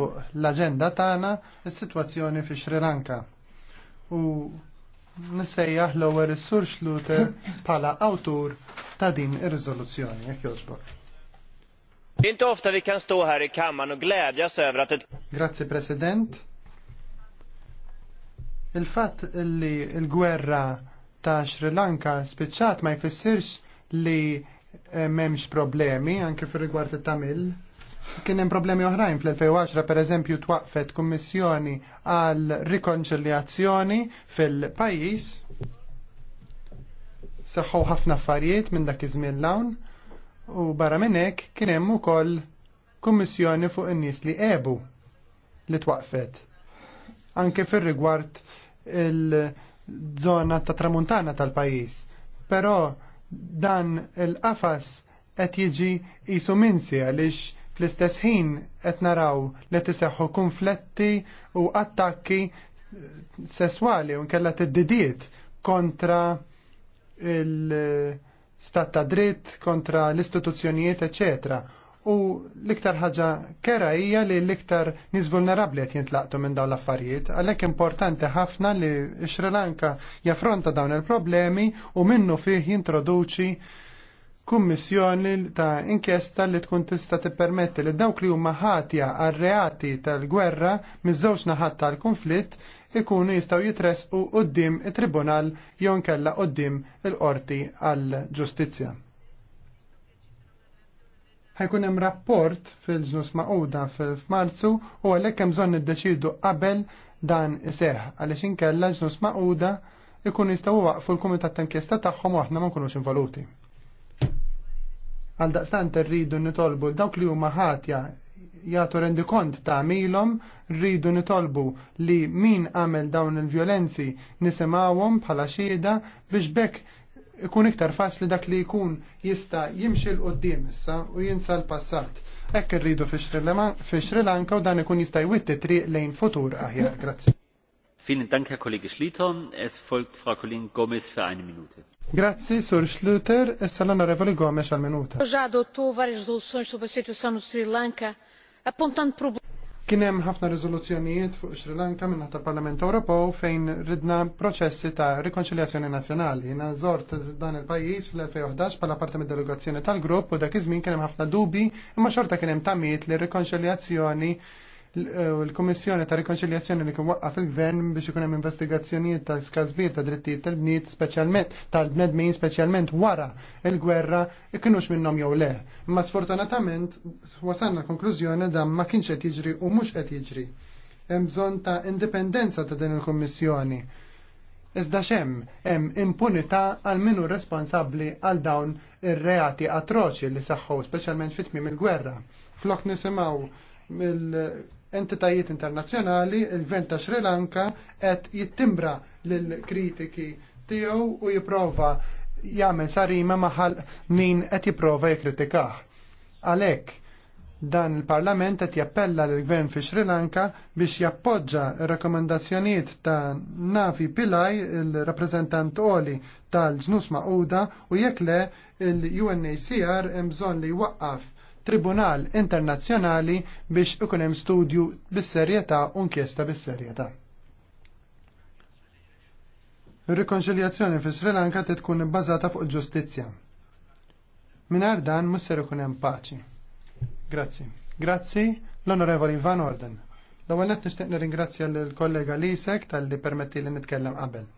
fuq l-agenda tagħna is-sitwazzjoni fi Sri Lanka. U nsejjaħ l-ewwel is-Sur Schluter bħala awtur ta' din ir-riżoluzzjoni jekk jogħġbok. Inti ofta vi kan stå här u kammaren sevra glädjas över president. Il-fatt li l-gwerra ta' Sri Lanka spiċċat ma jfissirx li eh, memx problemi anke fir rigward it-Tamil Kien hemm problemi oħrajn fl-2010 pereżempju twaqfet kummissjoni għal rikonċiljazzjoni fil-pajjiż. Saħħu ħafna affarijiet minn dak iż-żmien l-hawn u barra minn hekk kien hemm ukoll kummissjoni fuq in-nies li ebu li twaqfet. Anke fir-rigward il-żona ta' tramuntana tal-pajjiż. Però dan il-qafas qed jiġi qisu minsi għaliex Fl-istess ħin qed naraw li tiseħħu konfletti u attakki eh, sesswali u nkella tiddidiet kontra il-stat ta' dritt, kontra l-istituzzjonijiet, eċetera. U l-iktar ħaġa kera hija li l-iktar nies vulnerabli qed jintlaqtu minn dawn l-affarijiet, għalhekk importanti ħafna li Sri Lanka jaffronta dawn il-problemi u minnu fih jintroduċi kummissjoni ta' inkjesta li tkun tista' tippermetti li dawk li huma ħatja għar-reati tal-gwerra miż-żewġ naħat tal-konflitt ikunu jistgħu jitresqu qudiem it-tribunal jew nkella qudiem il-qorti għall-ġustizzja. Ħajkun hemm rapport fil-ġnus maquda f'Marzu u għalhekk hemm bżonn iddeċidu qabel dan iseħ għaliex inkella ġnus maquda ikun jistgħu waqfu l-kumitat ta' inkjesta tagħhom u aħna ma nkunux involuti. Għaldaqstant rridu nitolbu dawk li huma ħatja jagħtu rendikont ta' għamilhom rridu nitolbu li min għamel dawn il-vjolenzi nisimgħuhom bħala xieda biex bekk ikun iktar faċli dak li jkun jista' jimxi l qoddim issa u jinsa l-passat. Ekk irridu fi Sri Lanka u dan ikun jista' jwitti triq lejn futur aħjar. Grazzi. Grazie, Sr. Schluter, e sal-onorevoli Gomes al minuto. Ho già adottato varie risoluzioni sulla situazione in Sri Lanka, appuntando problemi. Kien hemm ħafna riżoluzzjonijiet fuq Sri Lanka minn tal-Parlament Ewropew fejn ridna proċessi ta' rikonċiljazzjoni nazzjonali. Jiena żort dan il-pajjiż fl-2011 bħala parti mid-delegazzjoni tal-grupp u dak iż-żmien kien hemm ħafna dubi imma xorta kien hemm tamiet li rikonċiljazzjoni Eh, l-Komissjoni ta' Rikonċiljazzjoni li kien fil gvern biex ikun hemm investigazzjonijiet ta' skażbir ta' drittijiet tal-bniet speċjalment tal-bnedmin speċjalment wara il-gwerra ikinux minnhom jew le. Ma sfortunatament wasalna konklużjoni dan ma kienx qed jiġri u mhux qed jiġri. Hemm bżonn ta' indipendenza ta' din il-Kummissjoni. Iżda xemm hemm impunità għal minu responsabbli għal dawn ir-reati atroċi li saħħu speċjalment fit-tmiem il-gwerra. Flok nisimgħu mill entitajiet internazzjonali, il-gvern ta' Sri Lanka qed jittimbra lill-kritiki tiegħu u jipprova jagħmel sarima maħal min qed jipprova jikkritikah. Għalhekk dan il-Parlament qed jappella lill gvern fi Sri Lanka biex jappoġġa r-rakkomandazzjonijiet ta' Navi Pilaj, il-rappreżentant oli tal-ġnus Mauda u jekk le il-UNHCR hemm bżonn li jwaqqaf tribunal internazzjonali biex ikun hemm studju bis-serjetà u nkjesta bis-serjetà. Ir-rikonċiljazzjoni fi Sri Lanka trid tkun ibbażata fuq ġustizzja. Mingħajr dan mhux ser ikun hemm paċi. Grazzi. Grazzi l-Onorevoli Van Orden. L-ewwel qed nixtieq nirringrazzja lill kollega Lisek talli permetti li nitkellem qabel.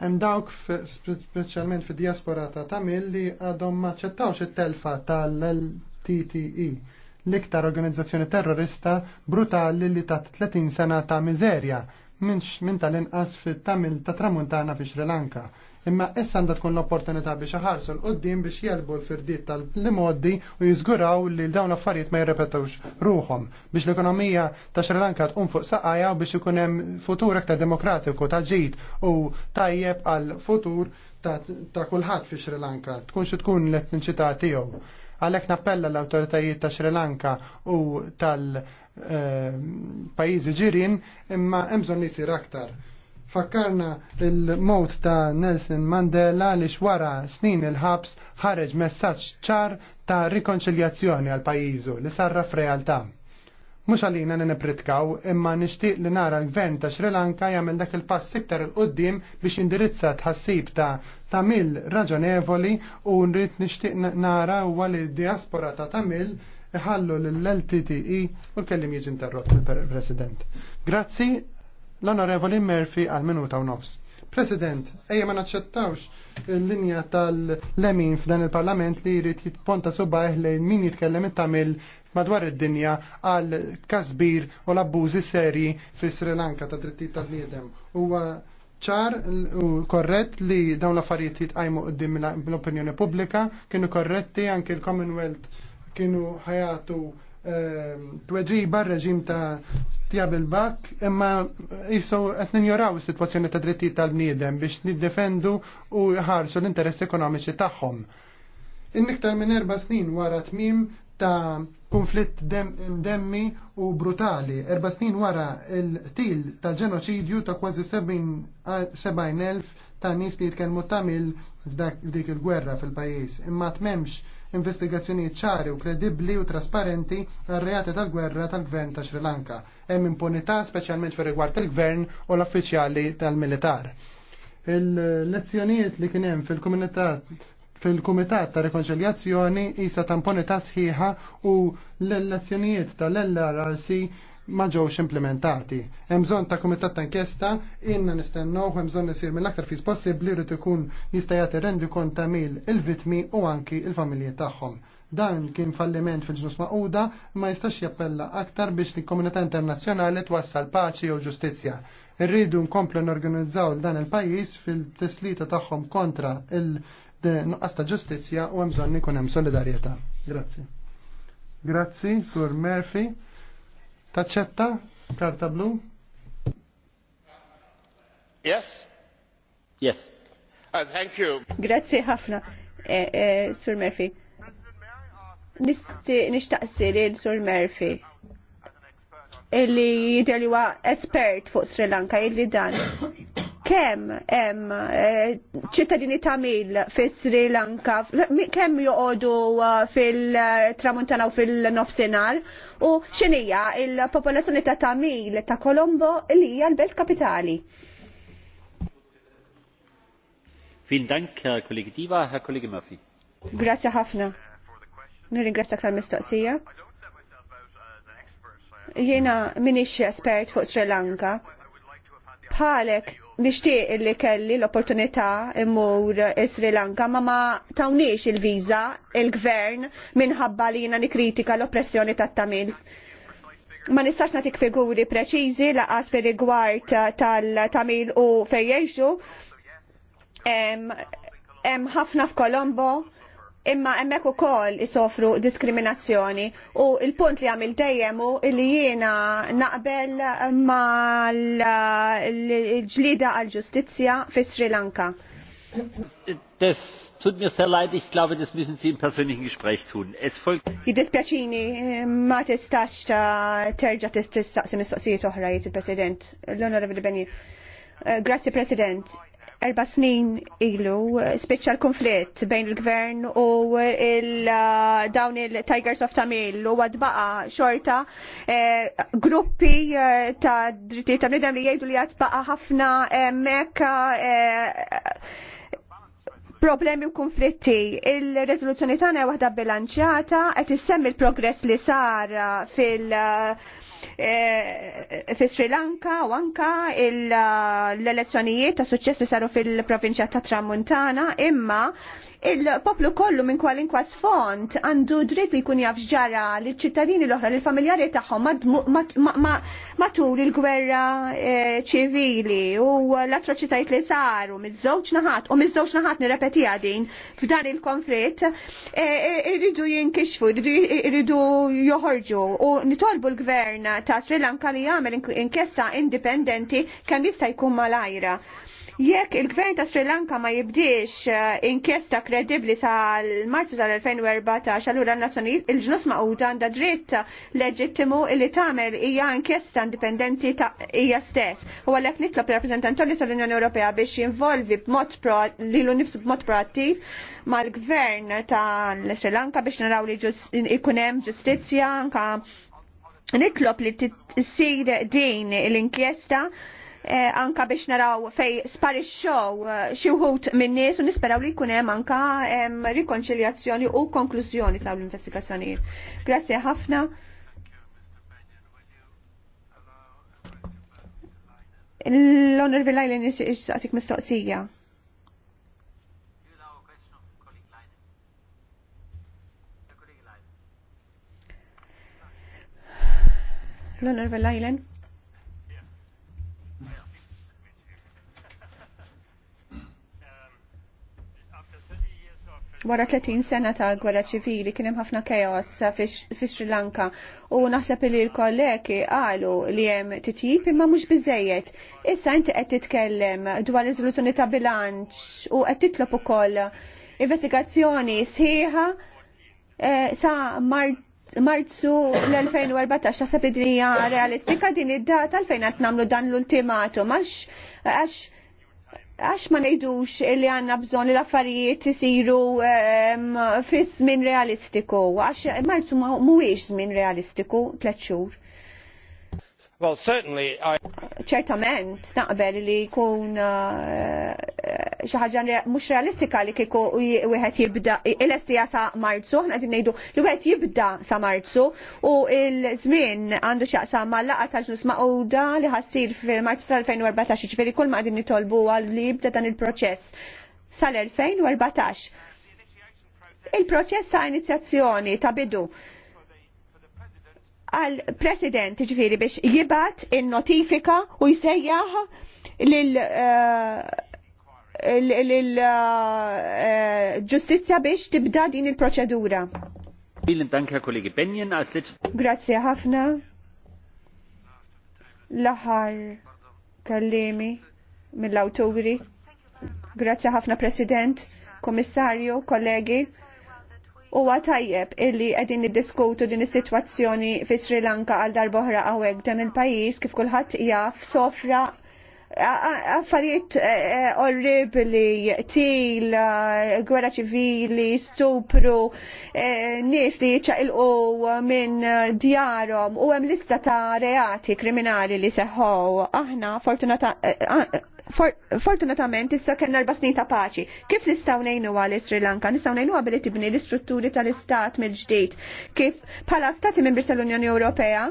Hemm dawk speċjalment fid-diaspora ta' Tamil li għadhom ma ċettawx it-telfa tal-LTTE l-iktar organizzazzjoni terrorista brutali li ta' 30 sena ta' miżerja minn tal-inqas fit-Tamil ta' Tramuntana fi Sri Lanka Imma issa għandha tkun l-opportunità biex iħarsu l-qoddim biex jelbu l-firdiet tal-limoddi u jiżguraw li dawn l-affarijiet ma jirrepetawx ruhom biex l-ekonomija ta' Sri Lanka tqum fuq saqajja u biex ikun hemm futur aktar demokratiku ta' ġid u tajjeb għal futur ta' kulħadd fi Sri Lanka, tkun xi tkun l-etniċità tiegħu. Għalhekk nappella l-awtoritajiet ta' Sri Lanka u tal-pajjiżi eh, ġirien imma hemm bżonn li jsir aktar. Fakkarna il-mot ta' Nelson Mandela li xwara snin il-ħabs ħareġ messaġġ ċar ta' rikonċiljazzjoni għal pajizu li sarra f'realtà. Mux għalina nipritkaw imma nishtiq li nara l-gvern ta' Sri Lanka jagħmel dak il-pass iktar il-qoddim biex indirizza tħassib ta' Tamil raġonevoli u nrid nixtieq nara huwa li diaspora ta' Tamil ħallu l-LTTI e u l-kellim jiġi interrott il-President. Grazzi L-Onorevoli Murphy għal minuta u nofs. President, ejja ma naċċettawx l-linja tal-lemin f'dan il-parlament li jrid jitponta subaħ lejn min jitkellem it-tamil madwar id-dinja għal kasbir u l-abbużi serji fi Sri Lanka ta' drittijiet tal-bniedem. Huwa ċar u korrett li dawn l-affarijiet jitqajmu qudiem l-opinjoni pubblika kienu korretti anke l-Commonwealth kienu ħajatu Ehm, tweġiba r-reġim ta' tjab il-bak, imma jiso għet ninjoraw situazzjoni ta' dritti tal-bniedem biex niddefendu u ħarsu l-interess ekonomiċi tagħhom. Innektar minn erba snin wara tmim ta' konflitt demmi u brutali. Erba snin wara il-til ta' ġenoċidju ta' kważi 70.000 ta' nis li jitkelmu tamil f'dik il-gwerra fil-pajis. Imma tmemx investigazzjonijiet ċari u kredibbli u trasparenti għar-reati tal-gwerra tal-gvern ta' Sri Lanka. Hemm impunità speċjalment fir rigward tal-gvern u l affiċjali tal-militar. Il-lezzjonijiet li kien hemm fil-komunità fil-Kumitat ta' Rekonċiljazzjoni isa tamponita sħiħa u l-elezzjonijiet tal-LRRC ma ġewx implementati. Hemm bżonn ta' kumitat ta' inkjesta, inna nistennew hemm bżonn isir mill-aktar fis possibbli jrid ikun jista' jagħti rendi kont ta' mil il-vitmi u anki il-familji tagħhom. Dan kien falliment fil-ġnus maquda ma jistax jappella aktar biex li komunità internazzjonali twassal paċi u ġustizzja. Irridu nkomplu norganizzaw dan il-pajis fil-teslita tagħhom kontra il-nuqqas ta' ġustizzja u hemm bżonn ikun hemm solidarjetà. Grazzi. Grazzi, Sur Murphy. Taċċetta? Karta blu? Yes? Yes. Uh, thank you. Grazie ħafna, eh, eh, Sir Murphy. Nishtaqsi li Sir Murphy illi jider li huwa espert fuq Sri Lanka illi dan kemm hemm eh, ċittadini Tamil fi Sri Lanka, kemm joqogħdu eh, fil-Tramuntana u fil-Nofsinhar u xinija il-popolazzjoni ta' Tamil ta' Kolombo li hija l-belt kapitali. Vielen Dank, Herr Kollege Diva, Herr Kollege Murphy. Grazie ħafna. Nirringrazzja tal-mistoqsija. Jiena minix espert fuq Sri Lanka. Palek nishtiq li kelli l-opportunità immur Sri Lanka ma ma tawniex il-viza il-gvern minħabba li jina nikritika l-oppressjoni tat tamil Ma nistax natik figuri preċizi laqas fi rigward tal-Tamil u fejjeġu. Hemm ħafna f'Kolombo imma hemmhekk ukoll isofru diskriminazzjoni u il-punt li għamil dejjem hu li jiena naqbel mal-ġlida għall-ġustizzja fi Sri Lanka. Das tut mir sehr leid, ich glaube, das müssen Sie im persönlichen Gespräch tun. Es folgt. Ich Jiddispjaċini, ma tistax terġa testis mistoqsijiet oħra, jgħid il-President. L-Onorevoli Benji. Eh, grazie, President erba snin ilu spiċċa l-konflitt bejn il-gvern u il uh, dawn il-Tigers of Tamil u għadbaqa xorta eh, gruppi eh, ta' dritti ta' nidem li jgħidu li għadbaqa ħafna eh, mekka problemi u konflitti. Il-rezoluzzjoni tagħna waħda bilanċjata qed issemmi l-progress li sar fil- uh, Eh, fi Sri Lanka u anka l-elezzjonijiet ta' suċċess li saru fil-provinċja ta' Tramuntana imma il-poplu kollu minn kwalinkwa font għandu dritt li jkun jaf ġara li ċittadini l-oħra li familjari tagħhom matul il-gwerra eh, ċivili u l-atroċitajiet li saru miż-żewġ naħat u miż-żewġ naħat nirrepeti din f'dan il-konflitt eh, eh, irridu jinkixfu, irridu joħorġu u nitolbu l-gvern ta' Sri Lanka li jagħmel inkjesta indipendenti kemm jista' jkun malajra Jekk il-gvern ta' Sri Lanka ma jibdiex eh, inkjesta kredibli sal-Marzu tal-2014 allura nazzjonijiet il-ġnus maquda għandha dritt leġittimu li tagħmel hija inkjesta indipendenti ta' hija stess. U għalhekk nitlob rappreżentanti tal-Unjoni Ewropea biex jinvolvi b'mod lilu nifsu b'mod proattiv mal-gvern tal-Sri Lanka biex naraw li ikun hemm ġustizzja anka nitlob li tissir din l-inkjesta Eh, anka biex naraw fej sparixxew eh, xi wħud min-nies u nisperaw li jkun hemm anka rikonċiljazzjoni u konklużjoni ta' l-investigazzjonijiet. Grazzi ħafna. l onor Villaj li nisaqsik mistoqsija. L-Honor Villajlen. Wara 30 sena ta' gwerra ċivili kien hemm ħafna chaos fi Sri Lanka u naħseb li l-kollegi qalu li hemm titjib imma mhux biżejjed. Issa inti qed titkellem dwar riżoluzzjoni ta' bilanċ u qed titlob ukoll investigazzjoni sħiħa eh, sa Marzu l-2014 naħseb li din hija realistika din id-data għalfejn qed nagħmlu dan l-ultimatum għax għax ma nejdux li għanna bżon li l-affarijiet jisiru ehm, fi żmien realistiku, għax marzu mhuwiex żmien realistiku tliet xhur. Well, certainly I... Ċertament naqbel li jkun uh, uh, xi ħaġa mhux realistika li kieku wieħed jibda il estija sa Marzu, ħna qed ngħidu li wieħed jibda sa Marzu u l-żmien għandu x'jaqsam mal-laqgħa ta' ġlus maquda li ħassir fil-Marzu tal-2014, ġifieri kull ma qegħdin nitolbu għal li jibda dan il-proċess sal-2014. Il-proċess ta' inizjazzjoni ta' bidu għal president ġifiri biex jibat il-notifika u jsejjaħ lil eh, l-ġustizja eh, biex tibda din il-proċedura. Grazie ħafna. L-aħar kallimi mill-awturi. Grazie ħafna President, Komissarju, kollegi huwa tajjeb illi qegħdin diskutu din is-sitwazzjoni fi Sri Lanka għal darboħra għawek dan il-pajjiż kif kulħadd jaf sofra affarijiet eh, eh, orribli, til, eh, gwerra ċivili, stupru, nis li ċaqilqu minn djarom u hemm lista ta' reati kriminali li seħħu. Aħna fortunata For, fortunatament issa kellna erba' snin ta' paċi. Kif nistgħu ngħinu għal Sri Lanka? Nistgħu ngħinuha billi tibni l-istrutturi tal-istat mill-ġdid. Kif bħala stati membri tal-Unjoni Ewropea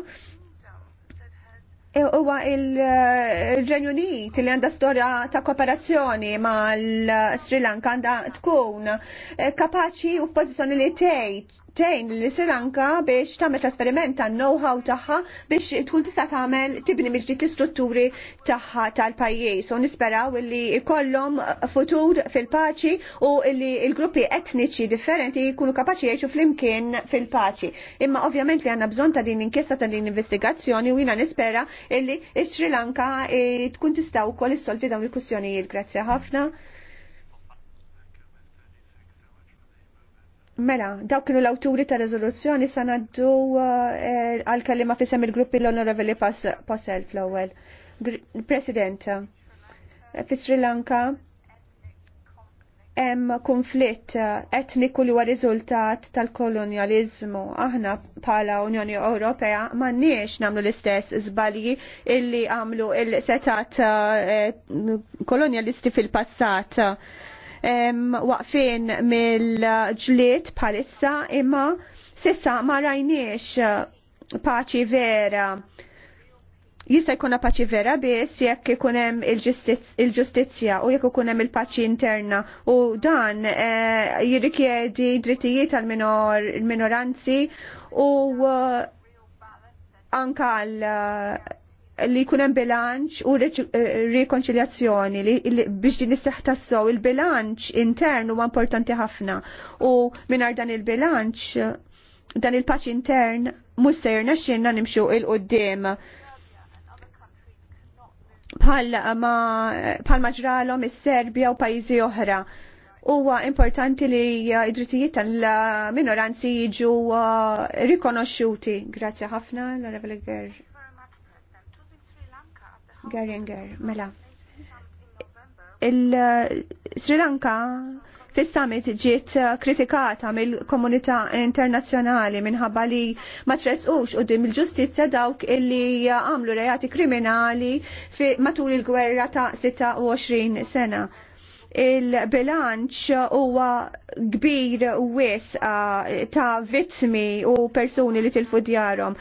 e, huwa il-Renju Unit li għandha storja ta' kooperazzjoni mal-Sri Lanka għandha tkun kapaċi u f'pożizzjoni li tgħid Ġejn li Sri Lanka biex tagħmel trasferiment ta' know-how tagħha biex tkun tista' tagħmel tibni mill-ġdid l-istrutturi tagħha tal-pajjiż u nisperaw li jkollhom futur fil-paċi u li l-gruppi etniċi differenti jkunu kapaċi jgħixu flimkien fil-paċi. Imma ovvjament li għandna bżonn ta' din inkjesta ta' din investigazzjoni u jiena nispera li Sri Lanka eh, tkun tista' wkoll issolvi dawn il-kwistjonijiet. Grazzi ħafna. Mela, daw kienu l-awturi ta' rezoluzzjoni sanaddu eh, għal-kalima fi fissem il-gruppi l-Onorevoli Passel fl-ewel. President, fi Sri Lanka hemm konflitt etniku li huwa riżultat tal-kolonializmu. Aħna bħala Unjoni Ewropea m'għandniex nagħmlu l-istess żbalji illi għamlu il-setat eh, kolonialisti fil-passat waqfin mill-ġliet bħalissa imma sissa ma rajniex eh, paċi vera. Jista' jkun paċi vera biss jekk ikun hemm il-ġustizzja u jekk ikun hemm il-paċi interna u dan eh, jirrikjedi drittijiet tal-minoranzi u eh, anka l li jkun hemm bilanċ u rekonċiljazzjoni eh, li biex din isseħ tassew il-bilanċ intern huwa importanti ħafna u mingħajr dan il-bilanċ dan il-paċ intern mustajr naxxinna nimxu il-qoddim bħal ma ġralhom is-Serbja u pajjiżi oħra. Huwa importanti li id-drittijiet tal-minoranzi jiġu eh, rikonoxxuti. Grazzi ħafna, l revelegger Geringer, mela. Il-Sri Lanka fis-summit ġiet kritikata mill-komunità internazzjonali minħabba li ma tresqux dim il-ġustizzja dawk illi għamlu reati kriminali matul il-gwerra ta' 26 sena il-bilanċ huwa kbir wis ah, ta' vittmi u persuni li tilfu djarom.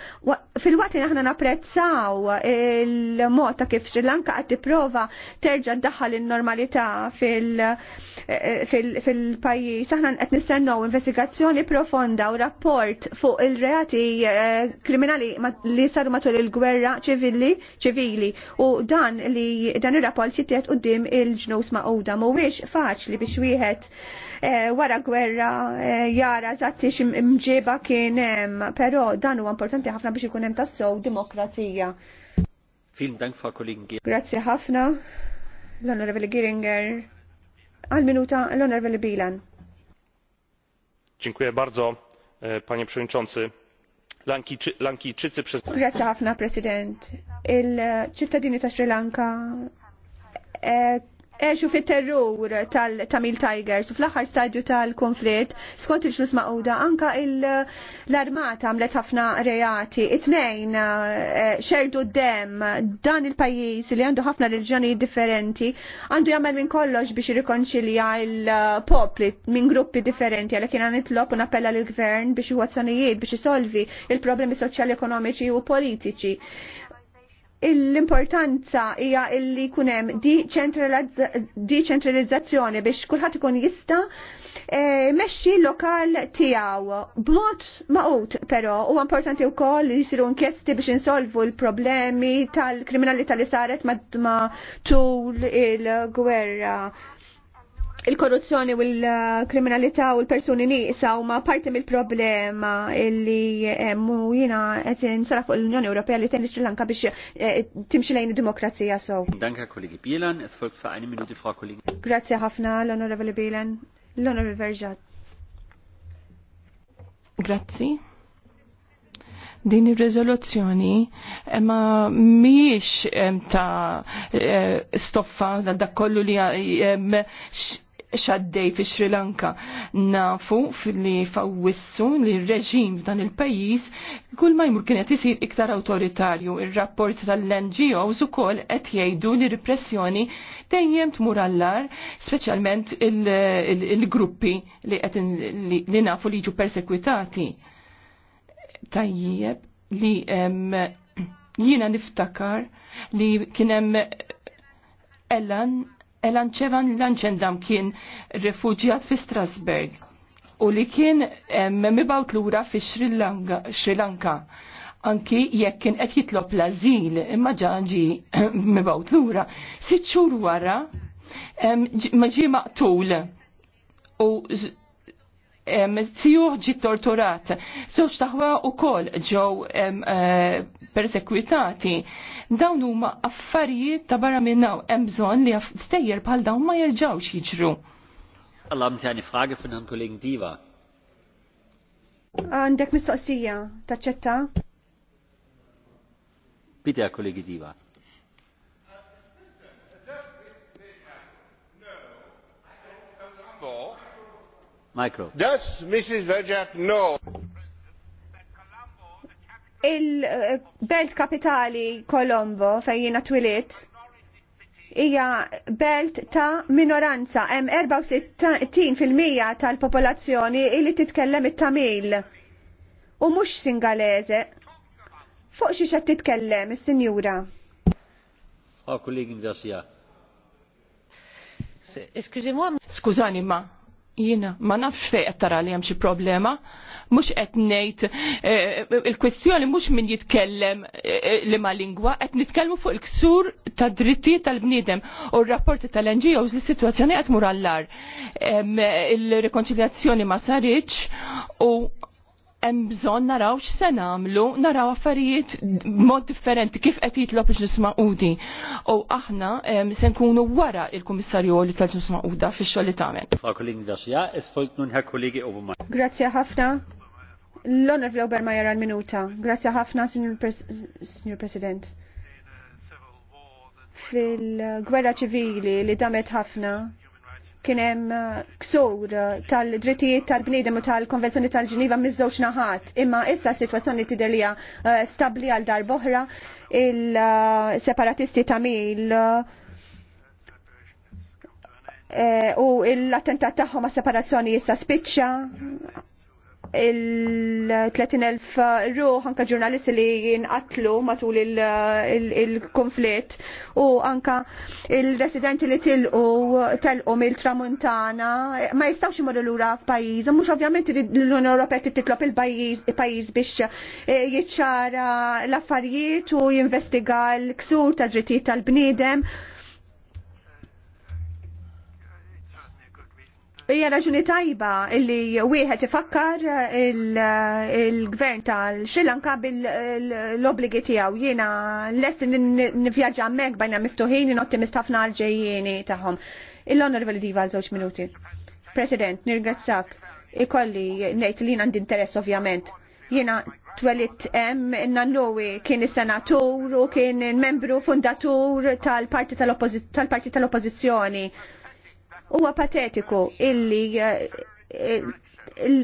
fil wat li aħna napprezzaw il-mod ta' kif Sri Lanka qed tipprova terġa' ddaħħal in-normalità fil-pajjiż, aħna qed nistennew investigazzjoni profonda u rapport fuq il-reati eh, kriminali li saru matul il-gwerra ċivili ċivili u dan li dan ir-rapport jittiet qudiem il-ġnus ma' mhuwiex faċli biex wieħed eh, wara gwerra eh, jara zatti mġiba kien hemm, però dan huwa importanti ħafna biex ikun hemm tassew demokrazija. Film Dank, fa' kolingi. Grazie ħafna, l-Onorevoli Giringer, Għal minuta, l-Onorevoli Bilan. Dziękuję bardzo, e, panie przewodniczący. Lankijczycy przez... Grazie ħafna, President. Il-ċittadini ta' Sri Lanka e, Eħxu fit terrur tal-Tamil Tigers u fl-axar stadju tal-konflitt skont il-ġlus maquda anka l-armata għamlet ħafna reati it-nejn eh, xerdu d-dem dan il-pajis li għandu ħafna reġjoni differenti għandu jagħmel minn kollox biex rikonċilja il-popli minn gruppi differenti għalhekk kien nitlob u nappella lill-gvern biex huwa biex isolvi il-problemi soċjali ekonomiċi u politiċi l-importanza hija illi kunem deċentralizzazzjoni biex kulħadd ikun jista' eh, mexxi lokal tiegħu. B'mod maqut però huwa importanti wkoll li jsiru inkjesti biex insolvu l-problemi tal-kriminalità li saret mad tul il-gwerra il-korruzzjoni u l-kriminalità u l-persuni nisa u ma parti mill-problema illi eh, mu jina għet nsara fuq l-Unjoni Ewropea li ten Sri Lanka biex eh, timxi lejn id-demokrazija so. Danka kollegi Bielan, etfolk fa' għani minuti fra kollegi. Grazie ħafna l-Onorevoli Bielan, l-Onorevoli Verġat. Grazzi. Din ir-riżoluzzjoni eh, ma miex ta' stoffa da' kollu li xaddej fi Sri Lanka. Nafu li fawissu li reġim f'dan il-pajis kull ma jmur kienet isir iktar autoritarju. Il-rapport tal-NGOs ukoll qed jgħidu li repressjoni dejjem tmur allar, speċjalment il-gruppi li li nafu li jiġu persekwitati. Tajjeb li jiena niftakar li kienem Ellen Elanċevan Lanċendam kien refugjat fi Strasberg u li kien mibawt lura fi Sri Lanka. Anki jekk kien qed jitlob l-azil imma ġaġi mibawt lura. Sitt xhur wara ma ġie maqtul u sijuħ ġi torturat, zoċ taħwa u kol ġew eh, persekwitati. Dawn huma affarijiet ta' barra minnaw, hemm bżonn li stejjer bħal dawn ma jerġawx jiġru. Allah haben Sie eine Frage von Herrn Diva. Għandek mistoqsija, taċċetta? Bitte, Kollegi Diva. Does Mrs. Verjak know? Il-belt eh, kapitali Colombo fejn jiena twiliet hija belt ta' minoranza. Hemm 64% tal-popolazzjoni li titkellem it-Tamil u mhux Singalese. Fuq xi qed titkellem is-Sinjura? Frau Garcia. ma, Jina, ma nafx fej qed tara li hemm xi problema. Mhux qed ngħid eh, eh, il kwestjoni mhux min jitkellem eh, li ma lingwa, qed nitkellmu fuq il-ksur ta' drittijiet tal-bniedem u r-rapporti tal-NGOs li s-sitwazzjoni qed mur allar. Il-rekonċiljazzjoni ma saritx u hemm bżonn naraw x'se nagħmlu, naraw affarijiet mod differenti kif qed jitlob biex nisma' maqudi. U aħna se nkunu wara il-Kummissarju li tal-ġnus maquda fix-xogħol li tagħmel. Grazzi ħafna. l onor ma Obermajer l minuta Grazzi ħafna, Signor President. Fil-gwerra ċivili li damet ħafna kienem eh, ksur eh, tal-drittijiet tal-bnidem u tal-konvenzjoni tal-ġiniva miż-żewġ naħat. Imma issa s situazzjoni tidelija eh, stabli għal dar boħra il-separatisti tamil u l-attentat tagħhom ma' separazzjoni issa spiċċa il-30.000 uh, ruħ anka ġurnalisti li jinqatlu matul il-konflitt uh, u anka il-residenti li tilqu telqu mill-tramuntana ma jistawx imorru lura f'pajjiż, mhux ovvjament l-Unjoni Ewropea titlob il-pajjiż biex uh, jiċċara l-affarijiet u jinvestiga l-ksur ta' drittijiet tal-bniedem Hija raġuni tajba illi wieħed ifakkar eh, eh, il-gvern tal-Sri Lanka bil-obligi tiegħu. Jiena lest nivvjaġġa hemmhekk bajna miftuħin ottimist ħafna għal-ġejjieni tagħhom. Il-Onorevoli Diva għal żewġ minuti. President, nirgrazzak. Ikolli ngħid li għandi interess ovvjament. Jiena twelit em nannowi kien is-senatur u kien membru fundatur tal-parti tal-oppożizzjoni. tal parti tal oppożizzjoni Huwa patetiku illi eh, eh,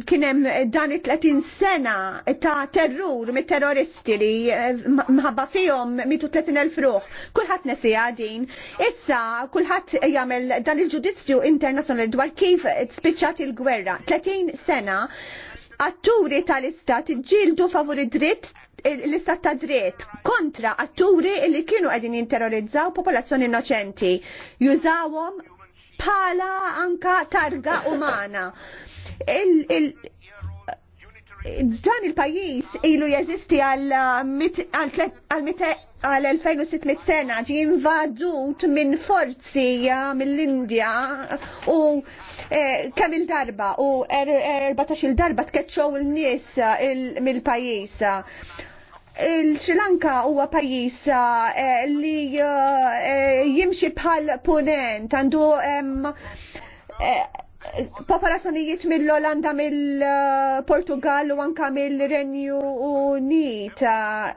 kienem dan 30 sena ta' terrur mit terroristi li eh, mħabba fihom 130.000 ruħ. Kulħadd nesi din. Issa kulħadd jagħmel dan il-ġudizzju internazzjonali dwar kif spiċċat il-gwerra. 30 sena atturi tal-istat ġildu favur dritt l-istat ta' dritt kontra atturi li kienu qegħdin jinterrorizzaw popolazzjoni innoċenti. Jużawhom bħala anka targa umana. Il, il, dan il-pajis ilu jeżisti għal 2600 sena ġi invadut minn forzi mill-Indja u eh, kemm il-darba u 14 er- il-darba tkeċċow il-nies mill-pajis il-Sri Lanka huwa pajjiż eh, li eh, eh, jimxi bħal punent għandu popolazzjonijiet mill-Olanda, mill-Portugal u anka mill-Renju Unit.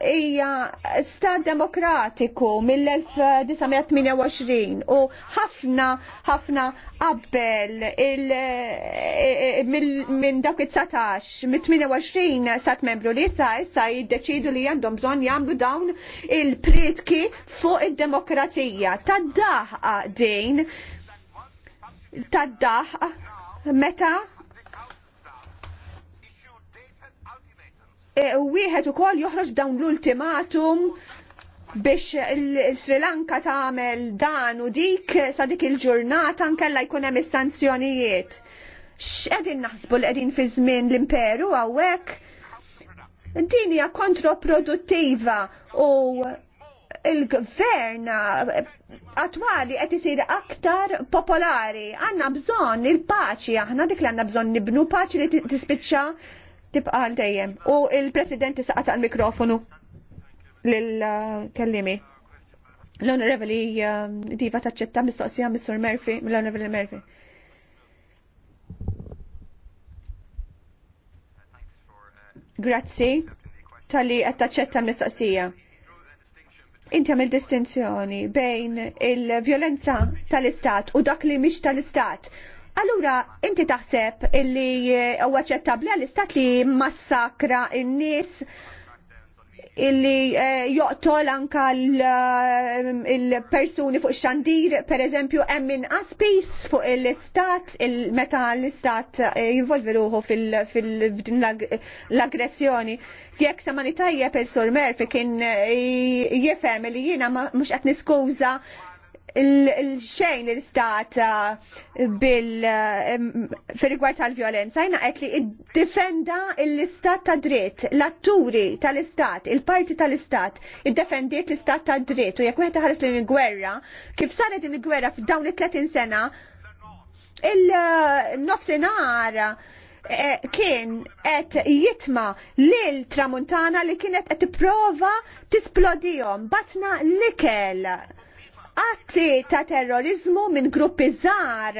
Hija stat demokratiku mill-1928 u ħafna ħafna qabel eh, eh, minn dawk it-19 mit-28 stat membru li issa issa jiddeċidu li għandhom bżonn jagħmlu dawn il-pritki fuq id-demokrazija. Tad-daħqa din tad-daħ meta e, wieħed ukoll joħroġ dawn l-ultimatum biex il-Sri Lanka tagħmel dan u dik sa dik il-ġurnata nkella jkun hemm is-sanzjonijiet. X'qegħdin naħsbu li qegħdin fi żmien l-imperu hawnhekk? Din hija kontroproduttiva u il-gvern attwali qed isir aktar popolari. Għandna bżonn il-paċi, aħna dik li għandna bżonn nibnu paċi li tispiċċa tibqa' għal dejjem. U il-President isaqata l-mikrofonu lill-kellimi. L-Onorevoli um, Diva taċċetta mistoqsija Mr. Murphy, l-Onorevoli Murphy. Grazzi tal-li għattaċċetta mistoqsija inti għamil distinzjoni bejn il-violenza tal-istat u dak li mhix tal-istat. Allura, inti taħseb illi huwa ċettabli għall-istat li massakra n-nies illi eh, joqtol anka eh, l-persuni fuq xandir, per eżempju, emmin aspis fuq l-istat, meta l-istat eh, jinvolvi ruħu fil-aggressjoni. Jek samanitajja per sur Murphy kien jifem li jina mux għet niskuza il-xejn il-stat eh, bil eh, rigward tal-violenza jina għet li iddefenda l-istat ta' dritt, l-atturi tal-istat, il-parti tal-istat, iddefendiet l-istat ta' dritt u jekk wieħed ħares lejn gwerra kif saret din il-gwerra f'dawn it-30 sena, il-nofsinhar eh, kien qed jitma lil tramuntana li kienet qed tipprova tisplodihom batna l-ikel atti ta' terrorizmu minn gruppi żgħar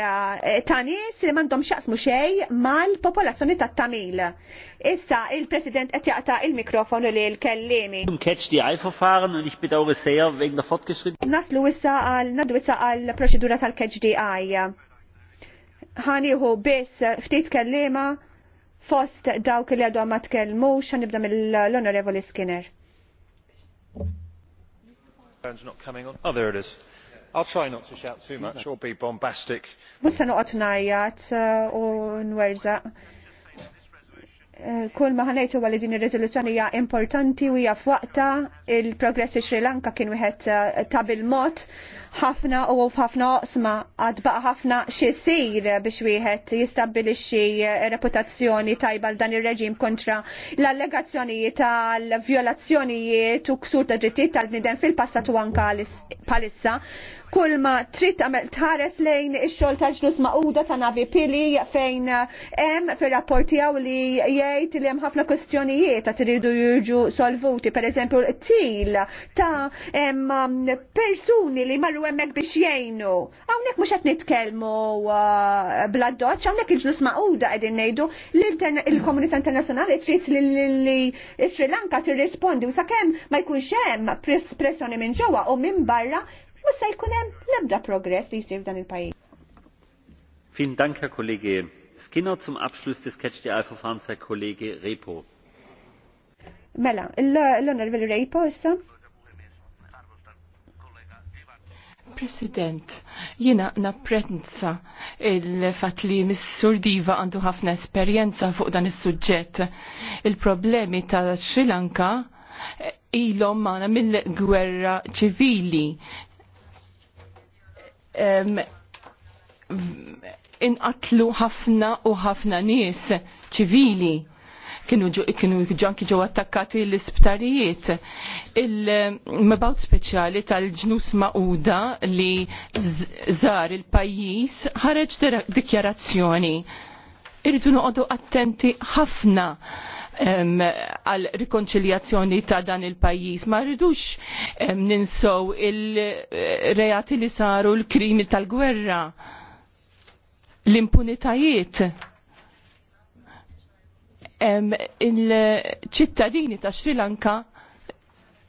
eh, ta' nies li mandom xaqsmu xejn mal-popolazzjoni ta' Tamil. Issa il-President qed jaqta' il-mikrofonu li l-kellimi. the eye verfahren und ich bedauere sehr wegen Naslu issa għal naddu issa għal proċedura tal-catch DI. eye. Ħaniħu biss ftit kellima fost dawk li għadhom ma tkellmux nibda mill-Onorevoli Skinner. Musa noqgħod ngħajjat uh, u nwerżaq. Uh, kull ma ħanejtu għalli din il-rezoluzjoni hija importanti u hija f'waqta il-progress Sri Lanka kien wieħed uh, tabil bil-mod ħafna u ħafna oqsma għad baqa ħafna xisir biex wieħed jistabilixxi reputazzjoni tajba dan ir-reġim kontra l-allegazzjonijiet tal-vjolazzjonijiet u ksur ta' drittijiet tal-bniedem fil-passat u anka palissa. Kull ma trid tagħmel tħares lejn ix-xogħol tal ġlus maquda ta' Navi Pili fejn hemm fir-rapport tiegħu li jgħid li hemm ħafna kwestjonijiet qed iridu jiġu solvuti, pereżempju t-til ta' persuni li marru hemmhekk biex jgħinu. Hawnhekk mhux qed nitkellmu uh, bla doċċ, hawnhekk il-ġlus maquda qegħdin ngħidu l komunità internazzjonali trid li Sri Lanka tirrispondi u sakemm ma jkunx hemm pressjoni minn ġewwa u minn barra u se jkun hemm l-ebda progress li jsir f'dan il-pajjiż. Vielen Dank, Herr Kollege Skinner. Zum Abschluss des Catch the Alpha Farms, Herr Kollege Repo. Mela, l-Honorable Repo issa. President, jina napprezza il-fat li Missur Diva għandu ħafna esperjenza fuq dan is-suġġett. Il problemi ta' Sri Lanka eh, ilhom għana mill-gwerra ċivili. Um, inqatlu ħafna u ħafna nies ċivili kienu ġanki ġew attakkati l-isptarijiet. Il-mabawt speċjali tal-ġnus ma'uda li zar il-pajjiż ħareġ dikjarazzjoni. Irridu noqogħdu attenti ħafna għal rikonċiljazzjoni ta' dan il-pajjiż. Ma rridux ninsow il-reati li saru l-krimi tal-gwerra, l-impunitajiet il-ċittadini ta' Sri Lanka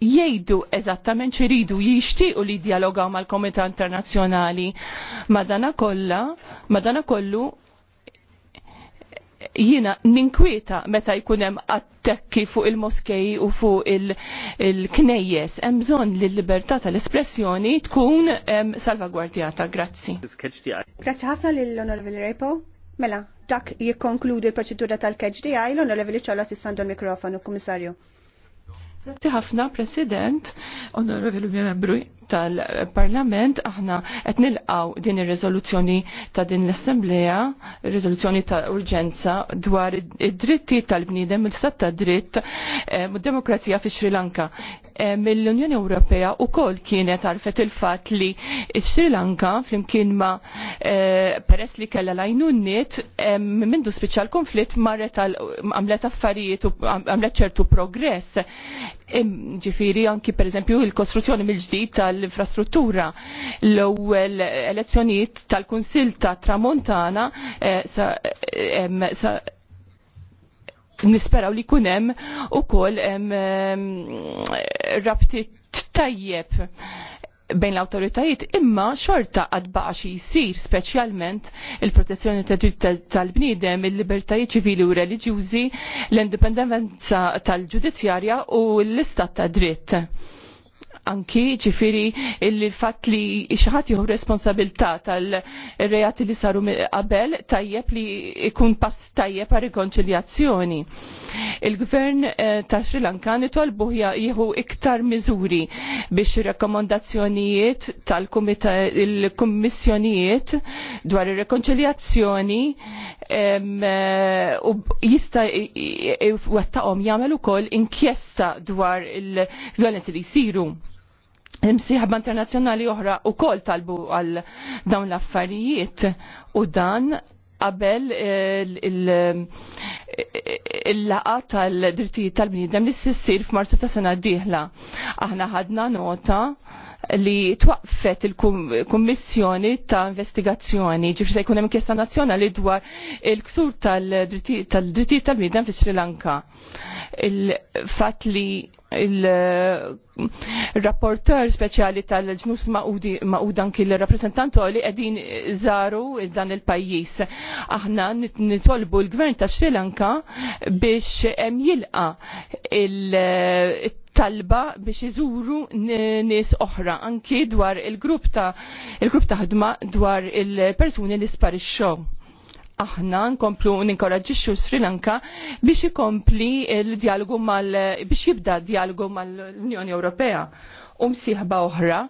jgħidu eżattament ċiridu jixtiequ li dialogaw mal-Komita Internazzjonali. Madana kolla, madana kollu jina ninkwieta meta jkun hemm attekki fuq il moskeji u fuq il-knejjes. Il hemm bżonn li l-libertà tal-espressjoni tkun salvagwardjata. Grazzi. Grazzi ħafna lill-Onorevoli Repo. Mela, dak jikkonkludi l-proċedura tal-KHDI, l-onorevoli ċolla tistandu l-mikrofonu, komissarju. Grazie ħafna, President, onorevoli membru, tal-Parlament aħna qed nilqaw din ir-riżoluzzjoni ta' din l-Assembleja, riżoluzzjoni ta' urġenza dwar id-dritti tal-bniedem il-stat ta' dritt u eh, demokrazija fi Sri Lanka. Eh, Mill-Unjoni Ewropea wkoll kienet għarfet il-fatt li Sri Lanka flimkien ma eh, peress li kella lajnu n-nit mindu spiċċa konflitt marret għamlet affarijiet u għamlet ċertu progress ġifiri anki per eżempju il-kostruzzjoni mill-ġdid tal-infrastruttura l-ewwel elezzjonijiet tal-Kunsill ta' Tramontana eh, eh, nisperaw li kunem u kol rabtit tajjeb bejn l-autoritajiet imma xorta għad baqa xi jsir speċjalment il-protezzjoni tal-bniedem, il-libertajiet ċivili u reliġjużi, l-indipendenza tal-ġudizzjarja u l-istat ta' dritt anki ġifiri il-fat li xaħat jħu responsabilta tal-reati li saru qabel tajjeb li ikun pass tajjeb għar rikonċiljazzjoni. Il-gvern eh, ta' Sri Lanka buħja jieħu iktar miżuri biex rekomendazzjonijiet tal-kummissjonijiet dwar ir-rekonċiljazzjoni eh, u jista' wettaqhom jagħmel ukoll inkjesta dwar il-violenzi li jsiru imsieħba internazzjonali oħra u kol talbu għal dawn l-affarijiet u dan qabel il-laqa tal-drittijiet tal-bniedem li s-sissir f'Marzu ta' sena d-dieħla. Aħna ħadna nota li twaqfet il-Kummissjoni ta' investigazzjoni ġifri se jkun hemm inkjesta nazzjonali dwar il-ksur tal-drittijiet tal-bniedem fi Sri Lanka. Il-fatt li il-rapporter speċjali tal-ġnus ma'udan kill rappresentantu li qegħdin żaru dan il-pajjiż. Aħna nitolbu l-gvern ta' Sri Lanka biex hemm jilqa' talba biex iżuru nies oħra anki dwar il-grupp ta' il-grupp ta' ħdma dwar il-persuni li sparixxew aħna nkomplu ninkoraġġixxu Sri Lanka biex ikompli l-dialogu mal biex jibda dialogu mal-Unjoni Ewropea u msieħba oħra,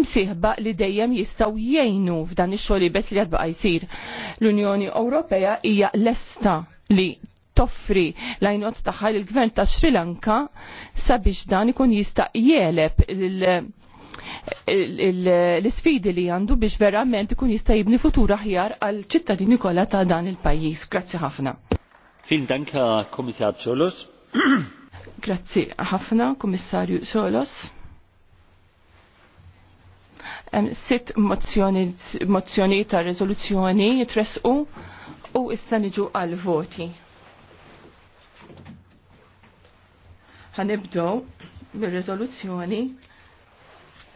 msieħba li dejjem jistgħu jgħinu f'dan ix-xogħol li qed jsir. L-Unjoni Ewropea hija lesta li toffri lajnot taħħal il gvern ta' Sri Lanka sabiex dan ikun jista' jeleb l-sfidi li għandu biex verament ikun jista' jibni futur aħjar għal ċittadini kollha ta' dan il-pajjiż. Grazzi ħafna. Fil danka Herr Kommissar Ciolos. Grazzi ħafna, Kommissarju Solos. sitt mozzjoni ta' rezoluzzjoni jitresqu u issa niġu għal voti. Ħanibdow bir rezoluzzjoni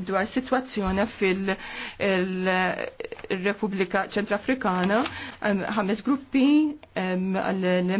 dwar situazzjoni fil-Repubblika Ċentrafrikana, ħames gruppi għal